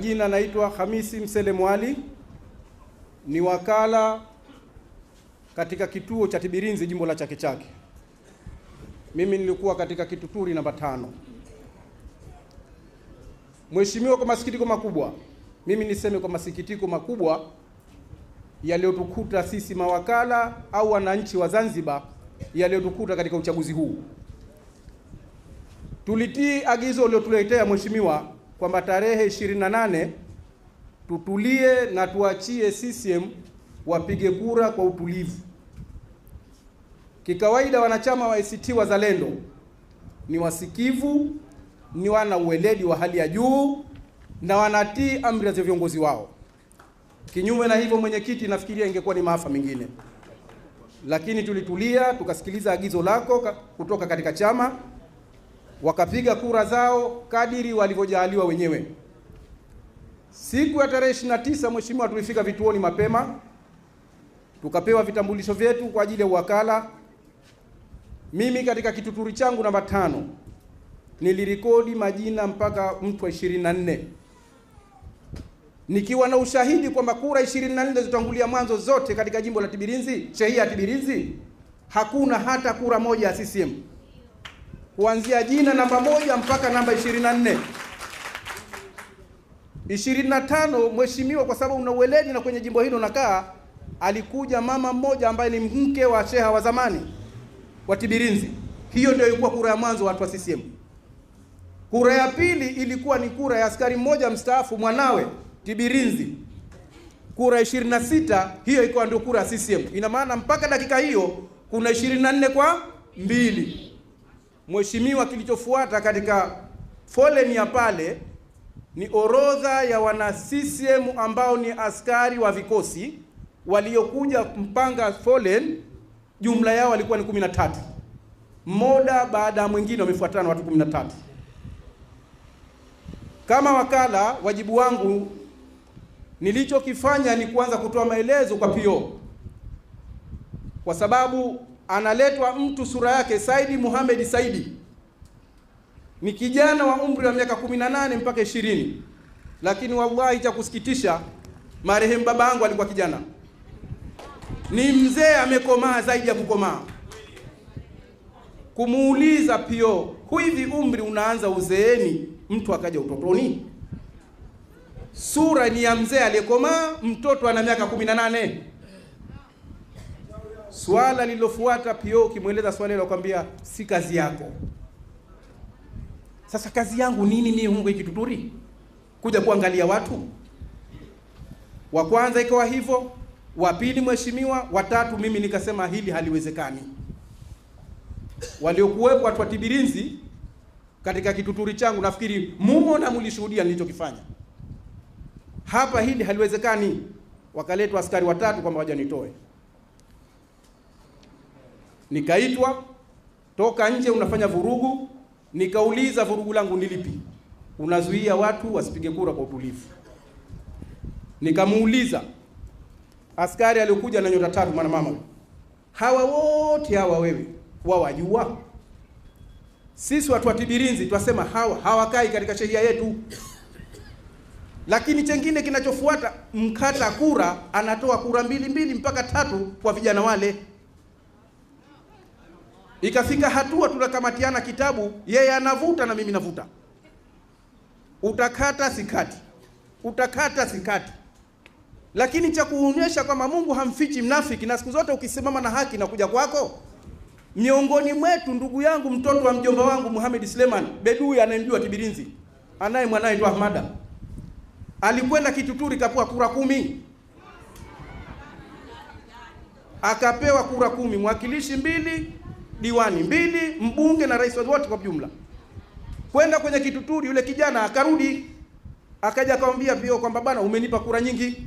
Jina naitwa Hamisi Msele Mwali, ni wakala katika kituo cha Tibirinzi jimbo la Chake Chake. Mimi nilikuwa katika kituturi namba tano. Mheshimiwa, kwa masikitiko makubwa, mimi niseme kwa masikitiko makubwa yaliyotukuta sisi mawakala au wananchi wa Zanzibar, yaliyotukuta katika uchaguzi huu, tulitii agizo uliotuletea Mheshimiwa kwamba tarehe 28 tutulie na tuachie CCM wapige kura kwa utulivu. Kikawaida wanachama wa ACT Wazalendo ni wasikivu, ni wana uweledi wa hali ya juu na wanatii amri za viongozi wao. Kinyume na hivyo, mwenyekiti, nafikiria ingekuwa ni maafa mengine, lakini tulitulia tukasikiliza agizo lako kutoka katika chama wakapiga kura zao kadiri walivyojaaliwa wenyewe. Siku ya tarehe 29, mheshimiwa, tulifika vituoni mapema tukapewa vitambulisho vyetu kwa ajili ya uwakala. Mimi katika kituturi changu namba tano nilirekodi majina mpaka mtu wa 24 nikiwa na ushahidi kwamba kura 24 zitangulia mwanzo zote katika jimbo la Tibirinzi, shehia ya Tibirinzi, hakuna hata kura moja ya CCM kuanzia jina namba moja mpaka namba 24. 25, mheshimiwa, kwa sababu una uweledi na kwenye jimbo hili unakaa, alikuja mama mmoja ambaye ni mke wa sheha wa zamani wa Tibirinzi. Hiyo ndio ilikuwa kura ya mwanzo watu wa CCM. Kura ya pili ilikuwa ni kura ya askari mmoja mstaafu mwanawe Tibirinzi, kura 26. Hiyo ilikuwa ndio kura ya CCM. Ina maana mpaka dakika hiyo kuna 24 kwa mbili Mheshimiwa, kilichofuata katika foleni ya pale ni orodha ya wana CCM ambao ni askari wa vikosi waliokuja mpanga foleni, jumla yao walikuwa ni 13, mmoja baada ya mwingine wamefuatana watu 13. Kama wakala, wajibu wangu nilichokifanya ni kuanza kutoa maelezo kwa PO kwa sababu analetwa mtu sura yake Saidi muhamedi Saidi, ni kijana wa umri wa miaka 18 mpaka 20, lakini wallahi, cha kusikitisha, marehemu baba yangu alikuwa kijana, ni mzee amekomaa zaidi ya kukomaa. Kumuuliza pio, hivi umri unaanza uzeeni, mtu akaja utotoni? Sura ni ya mzee aliyekomaa, mtoto ana miaka 18. Swala lililofuata pio, ukimweleza swali la kwambia si kazi yako. Sasa kazi yangu nini mimi huko hiki tuturi kuja kuangalia watu? Wa kwanza ikawa hivyo, wa pili mheshimiwa, watatu mimi nikasema hili haliwezekani. Waliokuwepo watu wa Tibirinzi katika kituturi changu, nafikiri mumo na mlishuhudia nilichokifanya hapa, hili haliwezekani. Wakaletwa askari watatu kwamba wajanitoe Nikaitwa toka nje, unafanya vurugu. Nikauliza vurugu langu ni lipi? Unazuia watu wasipige kura kwa utulivu. Nikamuuliza askari aliyokuja na nyota tatu, mwana mama, hawa wote hawa wewe wawajua? Sisi watu wa Tibirinzi twasema hawa hawakai katika sheria yetu, lakini chengine kinachofuata, mkata kura anatoa kura mbili mbili mpaka tatu kwa vijana wale. Ikafika hatua tunakamatiana kitabu, yeye anavuta na mimi navuta, utakata sikati, utakata sikati, lakini cha kuonyesha kwamba Mungu hamfichi mnafiki, na siku zote ukisimama na haki kuja kwako. Miongoni mwetu ndugu yangu, mtoto wa mjomba wangu Muhammad Sleman Bedui anayemjua Tibirinzi, anaye mwanaye ndo Ahmada, alikwenda Kituturi kapua kura kumi akapewa kura kumi, mwakilishi mbili diwani mbili, mbunge na rais wote kwa jumla, kwenda kwenye kituturi. Yule kijana akarudi akaja akamwambia vio kwamba bana, umenipa kura nyingi,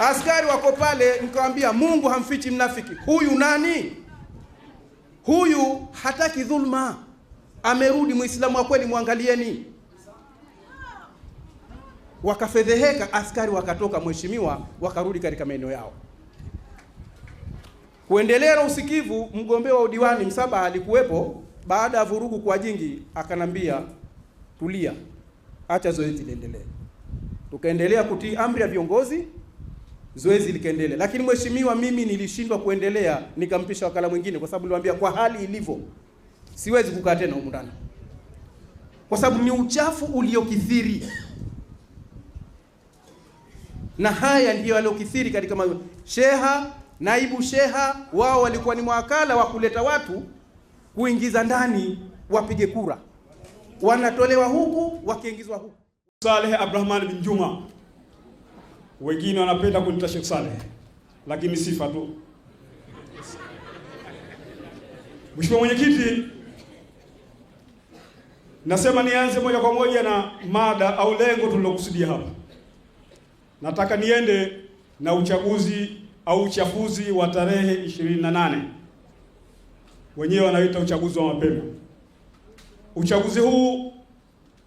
askari wako pale. Nikamwambia Mungu hamfichi mnafiki. Huyu nani? Huyu hataki dhulma, amerudi Muislamu wa kweli, mwangalieni. Wakafedheheka, askari wakatoka, mheshimiwa, wakarudi katika maeneo yao. Kuendelea na usikivu, mgombea wa udiwani Msaba alikuwepo. Baada ya vurugu kwa jingi, akanambia tulia, acha zoezi liendelee. Tukaendelea kutii amri ya viongozi, zoezi likaendelea. Lakini mheshimiwa, mimi nilishindwa kuendelea, nikampisha wakala mwingine, kwa sababu niliwaambia kwa hali ilivyo siwezi kukaa tena humu ndani, kwa sababu ni uchafu uliokithiri na haya ndiyo yaliokithiri katika ma... sheha naibu sheha wao walikuwa ni mawakala wa kuleta watu kuingiza ndani wapige kura, wanatolewa huku wakiingizwa huku. Saleh Abdurahman bin Juma, wengine wanapenda kunita Sheikh Saleh, lakini sifa tu. Mheshimiwa Mwenyekiti, nasema nianze moja kwa moja na mada au lengo tulilokusudia hapa. Nataka niende na uchaguzi au uchaguzi wa tarehe 28 wenyewe wanaita uchaguzi wa mapema. Uchaguzi huu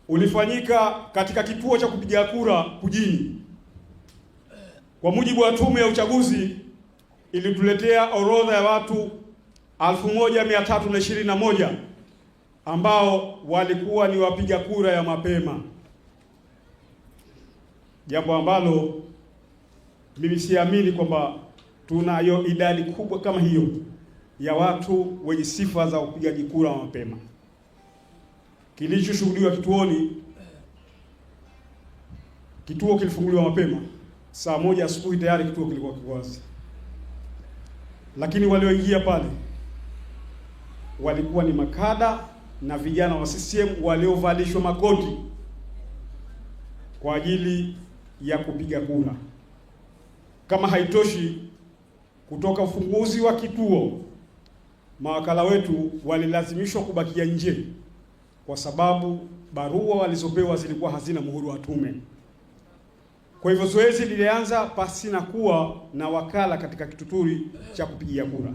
ulifanyika katika kituo cha kupiga kura Kujini. Kwa mujibu wa tume ya uchaguzi, ilituletea orodha ya watu 1321 ambao walikuwa ni wapiga kura ya mapema, jambo ambalo mimi siamini kwamba tunayo idadi kubwa kama hiyo ya watu wenye sifa za upigaji kura wa mapema. Kilichoshuhudiwa kituoni, kituo kilifunguliwa mapema saa moja asubuhi, tayari kituo kilikuwa kiwazi, lakini walioingia pale walikuwa ni makada na vijana wa CCM waliovalishwa makoti kwa ajili ya kupiga kura. Kama haitoshi, kutoka ufunguzi wa kituo mawakala wetu walilazimishwa kubakia nje kwa sababu barua walizopewa zilikuwa hazina muhuri wa tume. Kwa hivyo zoezi lilianza pasina kuwa na wakala katika kituturi cha kupigia kura.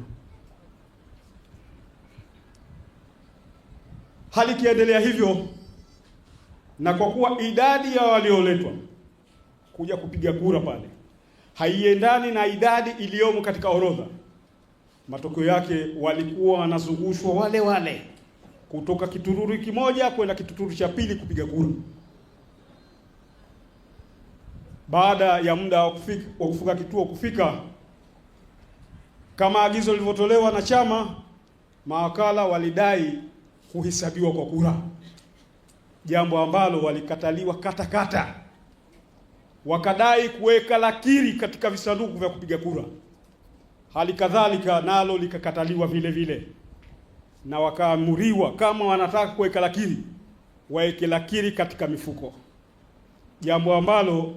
Hali ikiendelea hivyo, na kwa kuwa idadi ya walioletwa kuja kupiga kura pale haiendani na idadi iliyomo katika orodha. Matokeo yake walikuwa wanazungushwa wale wale kutoka kituturi kimoja kwenda kituturi cha pili kupiga kura. Baada ya muda wa kufika kituo kufika, kama agizo lilivyotolewa na chama, mawakala walidai kuhesabiwa kwa kura, jambo ambalo walikataliwa katakata kata wakadai kuweka lakiri katika visanduku vya kupiga kura, hali kadhalika nalo likakataliwa vile vile, na wakaamuriwa kama wanataka kuweka lakiri waeke lakiri katika mifuko, jambo ambalo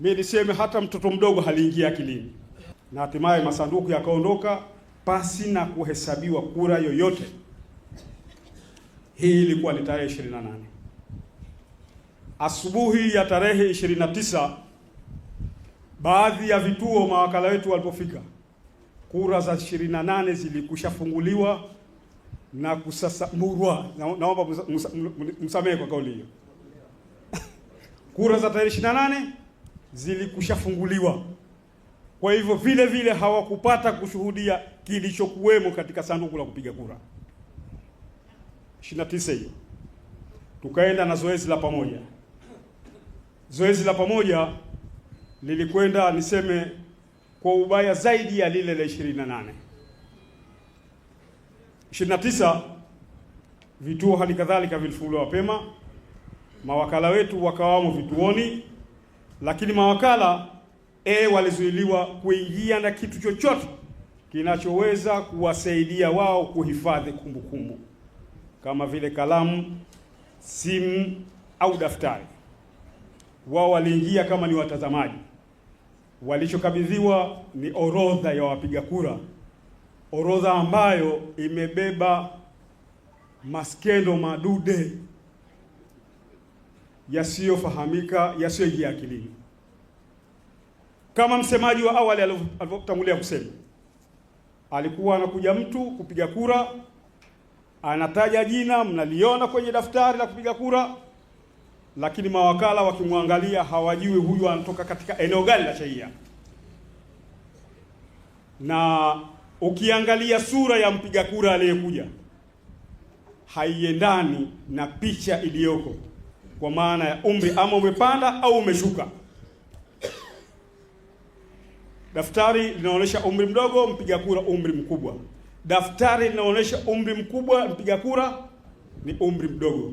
mi niseme hata mtoto mdogo haliingia akilini, na hatimaye masanduku yakaondoka pasi na kuhesabiwa kura yoyote. Hii ilikuwa ni tarehe 28 asubuhi ya tarehe 29 baadhi ya vituo mawakala wetu walipofika, kura za 28 zilikushafunguliwa na kusasamurwa. Naomba msamehe kwa kauli hiyo. Kura za tarehe 28 zilikushafunguliwa, kwa hivyo vile vile hawakupata kushuhudia kilichokuwemo katika sanduku la kupiga kura 29 hiyo. Tukaenda na zoezi la pamoja. Zoezi la pamoja lilikwenda niseme kwa ubaya zaidi ya lile la 28. 29 vituo hali kadhalika vilifunguliwa mapema, mawakala wetu wakawamo vituoni, lakini mawakala e, walizuiliwa kuingia na kitu chochote kinachoweza kuwasaidia wao kuhifadhi kumbukumbu kama vile kalamu, simu au daftari wao waliingia kama ni watazamaji. Walichokabidhiwa ni orodha ya wapiga kura, orodha ambayo imebeba maskendo madude yasiyofahamika yasiyoingia akilini. Kama msemaji wa awali alivyotangulia kusema, alikuwa anakuja mtu kupiga kura, anataja jina, mnaliona kwenye daftari la kupiga kura lakini mawakala wakimwangalia hawajui huyu anatoka katika eneo gani la shehia. Na ukiangalia sura ya mpiga kura aliyekuja haiendani na picha iliyoko, kwa maana ya umri, ama umepanda au umeshuka. Daftari linaonyesha umri mdogo, mpiga kura umri mkubwa. Daftari linaonyesha umri mkubwa, mpiga kura ni umri mdogo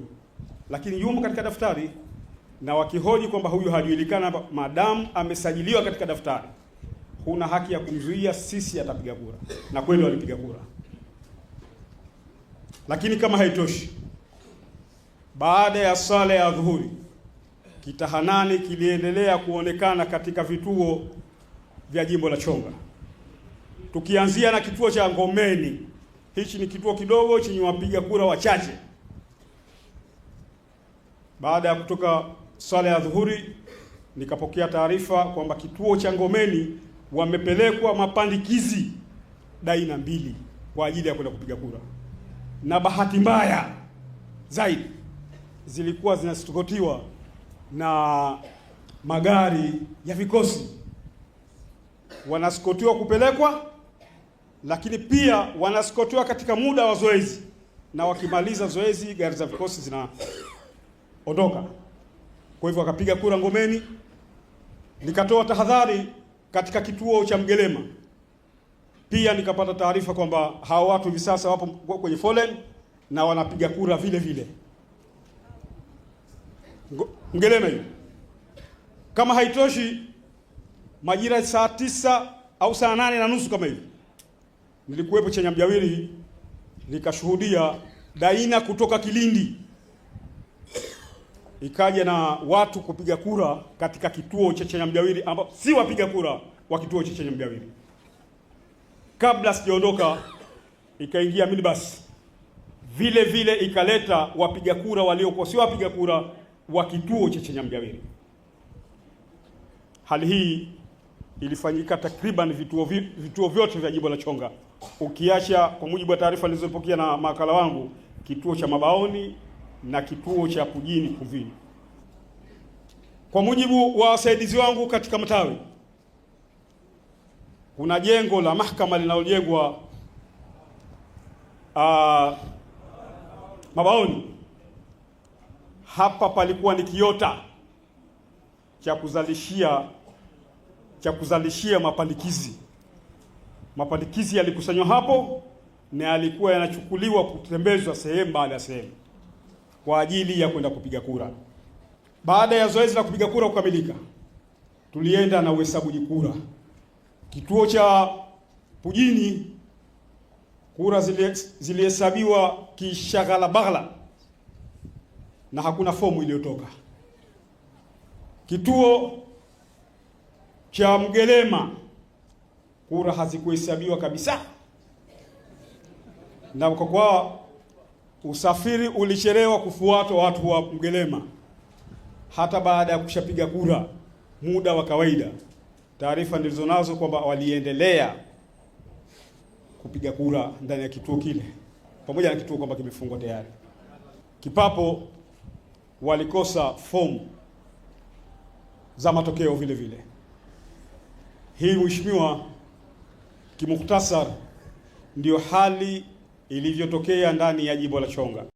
lakini yumo katika daftari, na wakihoji kwamba huyu hajulikana, madamu amesajiliwa katika daftari, huna haki ya kumzuia, sisi atapiga kura. Na kweli walipiga kura. Lakini kama haitoshi, baada ya sala ya dhuhuri kitahanani kiliendelea kuonekana katika vituo vya jimbo la Chonga, tukianzia na kituo cha Ngomeni. Hichi ni kituo kidogo chenye wapiga kura wachache. Baada ya kutoka sala ya dhuhuri, nikapokea taarifa kwamba kituo cha Ngomeni wamepelekwa mapandikizi daina mbili kwa ajili ya kwenda kupiga kura, na bahati mbaya zaidi zilikuwa zinastokotiwa na magari ya vikosi, wanaskotiwa kupelekwa, lakini pia wanaskotiwa katika muda wa zoezi, na wakimaliza zoezi gari za vikosi zina ondoka. Kwa hivyo akapiga kura Ngomeni, nikatoa tahadhari katika kituo cha Mgelema. Pia nikapata taarifa kwamba hao watu hivi sasa wapo kwenye foleni na wanapiga kura vile vile Mgelema. Hiyo kama haitoshi, majira saa tisa au saa nane na nusu kama hivi nilikuwepo Chenyamjawiri, nikashuhudia daina kutoka Kilindi ikaja na watu kupiga kura katika kituo cha Chenyamjawili ambao si wapiga kura wa kituo cha Chenyamjawili. Kabla sijaondoka, ikaingia minibus vile vile ikaleta wapiga kura waliokuwa si wapiga kura wa kituo cha Chenyamjawili. Hali hii ilifanyika takriban vituo, vituo vyote vya jimbo la Chonga, ukiacha kwa mujibu wa taarifa nilizopokea na mawakala wangu, kituo cha Mabaoni na kituo cha Pujini Kuvini. Kwa mujibu wa wasaidizi wangu katika matawi, kuna jengo la mahakama linalojengwa uh, Mabaoni. Hapa palikuwa ni kiota cha kuzalishia cha kuzalishia mapandikizi. Mapandikizi yalikusanywa hapo na yalikuwa yanachukuliwa kutembezwa sehemu baada ya sehemu kwa ajili ya kwenda kupiga kura. Baada ya zoezi la kupiga kura kukamilika, tulienda na uhesabuji kura kituo cha Pujini. Kura zilihesabiwa kishaghala baghala na hakuna fomu iliyotoka. Kituo cha Mgelema kura hazikuhesabiwa kabisa, na kwa kwa usafiri ulichelewa kufuatwa watu wa Mgelema hata baada ya kushapiga kura muda wa kawaida. Taarifa nazo kwamba waliendelea kupiga kura ndani ya kituo kile, pamoja na kituo kwamba kimefungwa tayari. Kipapo walikosa fomu za matokeo vile vile. Hii mheshimiwa, kimuktasar, ndio hali ilivyotokea ndani ya jimbo la Chonga.